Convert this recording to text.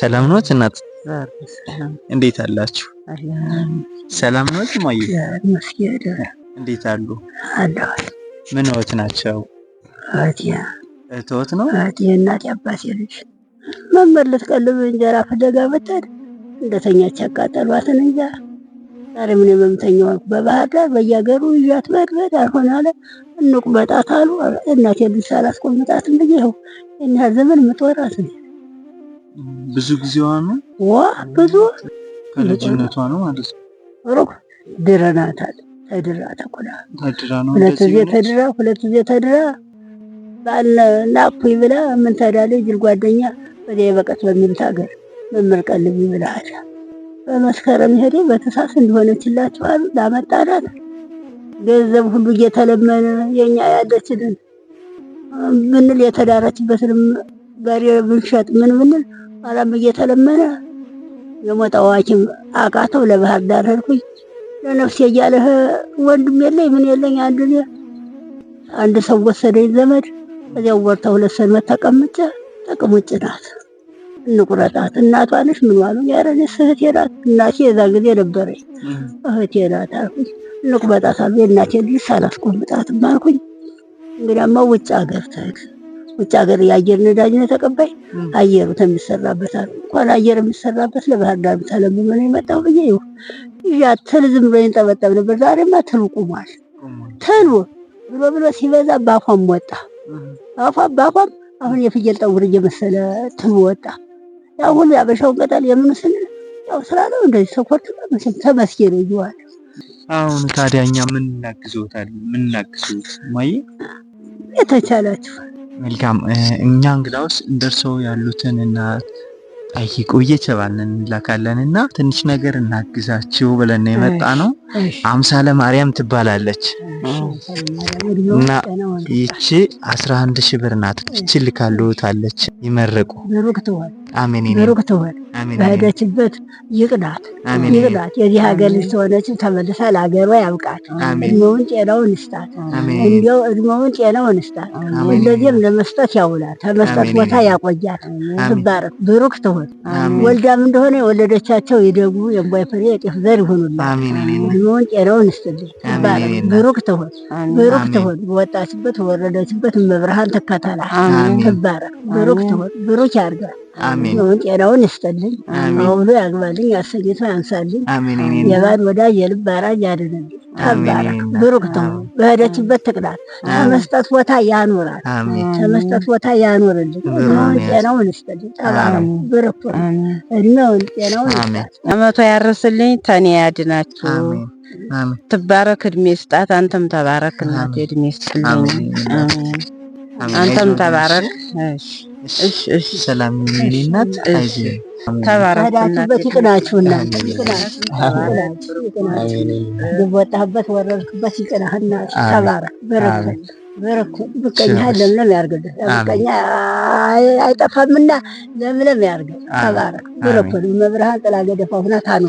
ሰላም ነዎት እናት? እንዴት አላችሁ? ሰላም ነዎት እማዬ? እንዴት አሉ? ምን ወት ናቸው? እህትዎት ነው? እናቴ አባቴ ልጅ መመለስ ቀልብ እንጀራ ፍለጋ መጣል እንደተኛች ያቃጠሏትን እንጀራ ዛሬ ምን የመምተኛው በባህር ዳር በየሀገሩ ይዣት መድበድ አልሆን አለ እንቁመጣት አሉ። እናቴ ልጅ ሳላስቆምጣት እንግዲህ ይኸው እኛ ዘመን ምትወራት ነው። ብዙ ጊዜዋ ነው ዋ ብዙ ከልጅነቷ ነው ማለት ነው። ሩቅ ድረናታል። ተድራ ተኩላ ሁለት ጊዜ ተድራ ሁለት ጊዜ ተድራ ባል ናኩኝ ይብላ ምን ተዳለ ጅል ጓደኛ ወዲያ በቀት በሚሉት ሀገር መምር ቀልብ ይብላሃል በመስከረም ሄዴ በተሳስ እንዲሆነችላቸዋል ላመጣላት ገንዘብ ሁሉ እየተለመነ የኛ ያለችንን ምንል የተዳረችበትንም በሬ ብንሸጥ ምን ብንል ኋላም እየተለመነ የሞጣው ሐኪም አቃተው። ለባህር ዳር ሄድኩኝ። ለነፍሴ እያለህ ወንድም የለኝ ምን የለኝ አንድ አንድ ሰው ወሰደኝ ዘመድ። እዚያው ወርታ ሁለት ሰንበት ተቀምጬ ጥቅም ውጭ ናት። እንቁረጣት እናቷ ነች። ምን ዋሉ ያረነች እህቴ ናት። እናቴ የዛ ጊዜ ነበረች እህቴ ናት አልኩኝ። እንቁረጣት አሉ የእናቴ ልጅ አላስቆምጣትም አልኩኝ። እንግዲያማ ውጭ ሀገር ተግ ውጭ ሀገር የአየር ነው ተቀባይ አየሩ ተሚሰራበት አሉ እንኳን አየር የሚሰራበት ለባህር ዳር ተለምኖ ነው የመጣው ብዬ ይሁ ያ ትል ዝም ብሎ ይንጠበጠብ ነበር። ዛሬማ ትሉ ቁሟል። ትሉ ብሎ ብሎ ሲበዛ በአፏም ወጣ። አፏም በአፏም አሁን የፍየል ጠጉር እየመሰለ ትሉ ወጣ። ያው ሁሉ ያበሻው ገዳል የምንስል ያው ስራ ነው እንደዚህ ሰፖርት ነው መስል ተመስገን ይዋል። አሁን ታዲያ እኛ ምን እናግዘውታል? ምን እናግዘውት ማየ የተቻላችሁ መልካም። እኛ እንግዳውስ እንደርሰው ያሉትን እና ጠይቁ እየቸባልን እንላካለን እና ትንሽ ነገር እናግዛችሁ ብለን የመጣ ነው። አምሳለ ማርያም ትባላለች እና ይቺ አስራ አንድ ሺህ ብር ናት። ይቺ ልካልዎታለች ይመረቁ ብሩክ ትሁን። በሄደችበት ይቅናት ይቅናት። የዚህ ሀገር ልጅ ሆነች ተመልሳ ለሀገሯ ያብቃት። እድሜውን ጤናውን ይስጣት። እንዲያው እድሜውን ጤናውን ይስጣት። እንደዚህም ለመስጠት ያውላል። ተመስጠት ቦታ ያቆያት። ትባረክ፣ ብሩክ ትሁን። ወልዳም እንደሆነ የወለደቻቸው የደጉ የእንቧይ ፍሬ የጤፍ ዘር ይሆኑላት። እድሜውን ጤናውን ይስጥልኝ። ትባረክ፣ ብሩክ ትሁን። ብሩክ ትሁን። በወጣችበት በወረደችበት መብርሃን ትከተላት። ትባረክ፣ ብሩክ ትሁን። ብሩክ ያርጋል። ጤናውን ይስጥልኝ፣ አሁኑ ያግባልኝ፣ አሰጌቶ ያንሳልኝ። የባድ ወዳጅ የልብ አራጅ ያድርግልኝ። ተባረክ፣ ብሩክ ትሁን፣ በሄደችበት ትቅዳል። ከመስጠት ቦታ ያኖራል፣ ከመስጠት ቦታ ያኖርልኝ። ጤናውን ይስጠልኝ። ተባረክ፣ ብሩክ እድሜውን፣ ጤናውን ይስጣል። አመቷ ያርስልኝ፣ ተኔ ያድናችሁ። ትባረክ፣ እድሜ ስጣት። አንተም ተባረክ እናቴ፣ እድሜ ስጥልኝ። አንተም ተባረክ። እሺ፣ እሺ፣ ሰላም የኔ እናት ይቅናችሁ። ወረድክበት ተባረክ በረከት በረከት ብቀኛ ለምለም ያርግልህ። ብቀኛ አይጠፋምና ለምለም ያርግልህ። ተባረክ በረከት መብርሃን ጥላ ገደፋ ሁና